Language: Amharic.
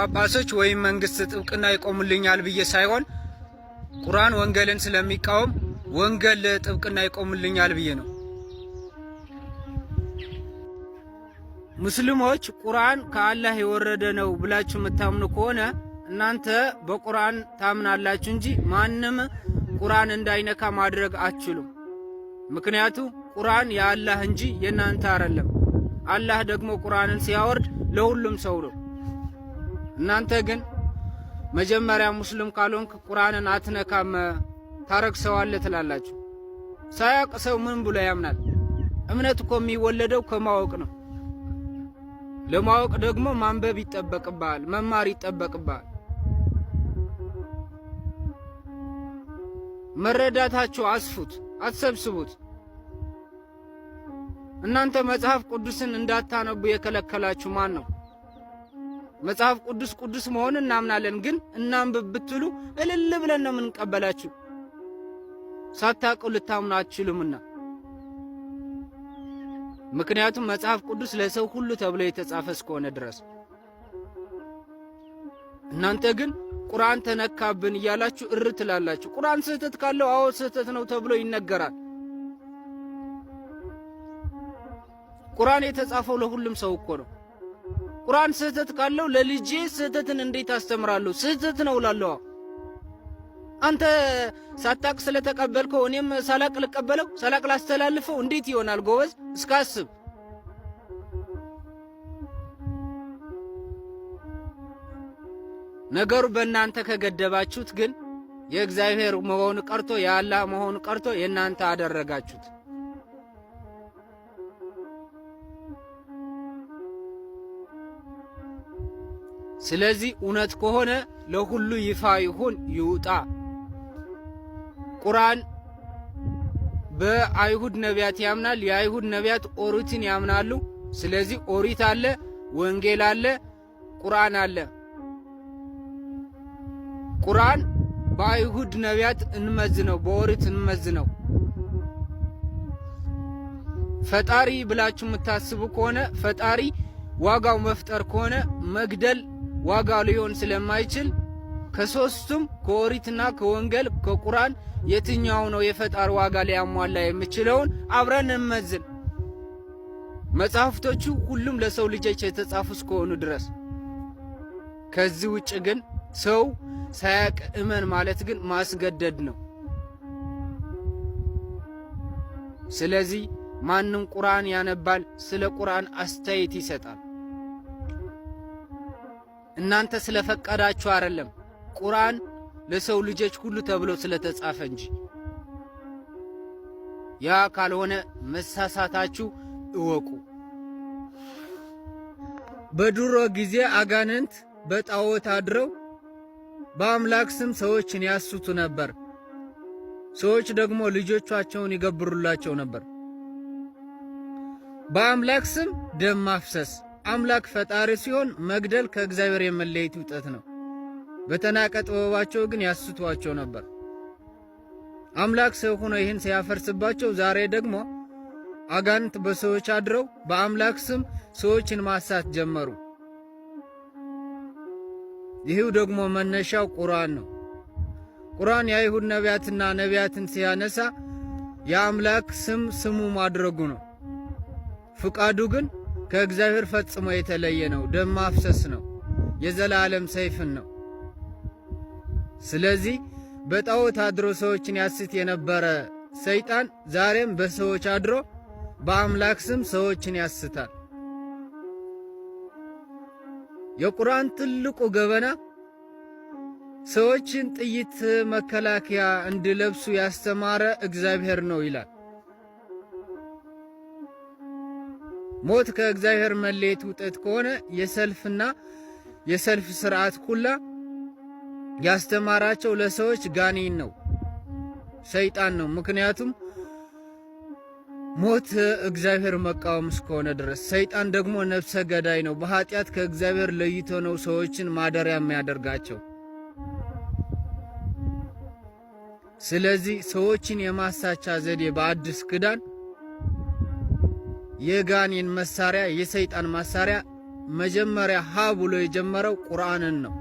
ጳጳሶች ወይም መንግስት ጥብቅና ይቆሙልኛል ብዬ ሳይሆን ቁርአን ወንጌልን ስለሚቃወም ወንጌል ጥብቅና ይቆሙልኛል ብዬ ነው። ሙስሊሞች ቁርአን ከአላህ የወረደ ነው ብላችሁ የምታምኑ ከሆነ እናንተ በቁርአን ታምናላችሁ እንጂ ማንም ቁርአን እንዳይነካ ማድረግ አትችሉም። ምክንያቱ ቁርአን የአላህ እንጂ የእናንተ አይደለም። አላህ ደግሞ ቁርአንን ሲያወርድ ለሁሉም ሰው ነው። እናንተ ግን መጀመሪያ ሙስሊም ካልሆንክ ቁርአንን አትነካም ታረክሰዋለህ ትላላችሁ። ሳያውቅ ሰው ምን ብሎ ያምናል? እምነት እኮ የሚወለደው ከማወቅ ነው። ለማወቅ ደግሞ ማንበብ ይጠበቅብሃል፣ መማር ይጠበቅብሃል። መረዳታችሁ አስፉት፣ አትሰብስቡት። እናንተ መጽሐፍ ቅዱስን እንዳታነቡ የከለከላችሁ ማን ነው? መጽሐፍ ቅዱስ ቅዱስ መሆን እናምናለን። ግን እናንብብ ብትሉ እልል ብለን ነው የምንቀበላችሁ። ሳታውቁ ልታምኑ አትችሉምና። ምክንያቱም መጽሐፍ ቅዱስ ለሰው ሁሉ ተብሎ የተጻፈ እስከሆነ ድረስ እናንተ ግን ቁርአን ተነካብን እያላችሁ እር ትላላችሁ። ቁርአን ስህተት ካለው አዎ ስህተት ነው ተብሎ ይነገራል። ቁርአን የተጻፈው ለሁሉም ሰው እኮ ነው። ቁርአን ስህተት ካለው ለልጄ ስህተትን እንዴት አስተምራለሁ? ስህተት ነው እላለሁ። አንተ ሳታቅ ስለተቀበልከው እኔም ሳላቅ ልቀበለው ሳላቅ ላስተላልፈው እንዴት ይሆናል? ጎበዝ እስካስብ ነገሩ በእናንተ ከገደባችሁት ግን የእግዚአብሔር መሆኑ ቀርቶ የአላህ መሆኑ ቀርቶ የእናንተ አደረጋችሁት። ስለዚህ እውነት ከሆነ ለሁሉ ይፋ ይሁን ይውጣ። ቁርአን በአይሁድ ነቢያት ያምናል። የአይሁድ ነቢያት ኦሪትን ያምናሉ። ስለዚህ ኦሪት አለ፣ ወንጌል አለ፣ ቁርአን አለ። ቁርአን በአይሁድ ነቢያት እንመዝነው፣ በኦሪት እንመዝነው። ፈጣሪ ብላችሁ የምታስቡ ከሆነ ፈጣሪ ዋጋው መፍጠር ከሆነ መግደል ዋጋ ሊሆን ስለማይችል ከሶስቱም ከኦሪትና ከወንጌል ከቁርአን የትኛው ነው የፈጣር ዋጋ ሊያሟላ የምችለውን አብረን እንመዝን። መጽሐፍቶቹ ሁሉም ለሰው ልጆች የተጻፉ እስከሆኑ ድረስ ከዚህ ውጭ ግን ሰው ሳያቅ እመን ማለት ግን ማስገደድ ነው። ስለዚህ ማንም ቁርአን ያነባል፣ ስለ ቁርአን አስተያየት ይሰጣል። እናንተ ስለፈቀዳችሁ አይደለም፣ ቁርአን ለሰው ልጆች ሁሉ ተብሎ ስለተጻፈ እንጂ። ያ ካልሆነ መሳሳታችሁ እወቁ። በድሮ ጊዜ አጋንንት በጣዖት አድረው በአምላክ ስም ሰዎችን ያስቱ ነበር። ሰዎች ደግሞ ልጆቻቸውን ይገብሩላቸው ነበር። በአምላክ ስም ደም ማፍሰስ አምላክ ፈጣሪ ሲሆን መግደል ከእግዚአብሔር የመለየት ውጠት ነው። በተናቀ ጥበባቸው ግን ያስቷቸው ነበር። አምላክ ሰው ሆኖ ይህን ሲያፈርስባቸው፣ ዛሬ ደግሞ አጋንንት በሰዎች አድረው በአምላክ ስም ሰዎችን ማሳት ጀመሩ። ይህው ደግሞ መነሻው ቁርአን ነው። ቁርአን የአይሁድ ነቢያትና ነቢያትን ሲያነሳ የአምላክ ስም ስሙ ማድረጉ ነው። ፍቃዱ ግን ከእግዚአብሔር ፈጽሞ የተለየ ነው። ደም ማፍሰስ ነው። የዘላለም ሰይፍን ነው። ስለዚህ በጣዖት አድሮ ሰዎችን ያስት የነበረ ሰይጣን ዛሬም በሰዎች አድሮ በአምላክ ስም ሰዎችን ያስታል። የቁርአን ትልቁ ገበና ሰዎችን ጥይት መከላከያ እንዲለብሱ ያስተማረ እግዚአብሔር ነው ይላል። ሞት ከእግዚአብሔር መለየት ውጠት ከሆነ የሰልፍና የሰልፍ ስርዓት ኩላ ያስተማራቸው ለሰዎች ጋኔን ነው፣ ሰይጣን ነው። ምክንያቱም ሞት እግዚአብሔር መቃወም እስከሆነ ድረስ ሰይጣን ደግሞ ነፍሰ ገዳይ ነው። በኃጢአት ከእግዚአብሔር ለይቶ ነው ሰዎችን ማደሪያ የሚያደርጋቸው። ስለዚህ ሰዎችን የማሳቻ ዘዴ በአዲስ ክዳን የጋኔን መሳሪያ የሰይጣን መሳሪያ መጀመሪያ ሀ ብሎ የጀመረው ቁርአንን ነው።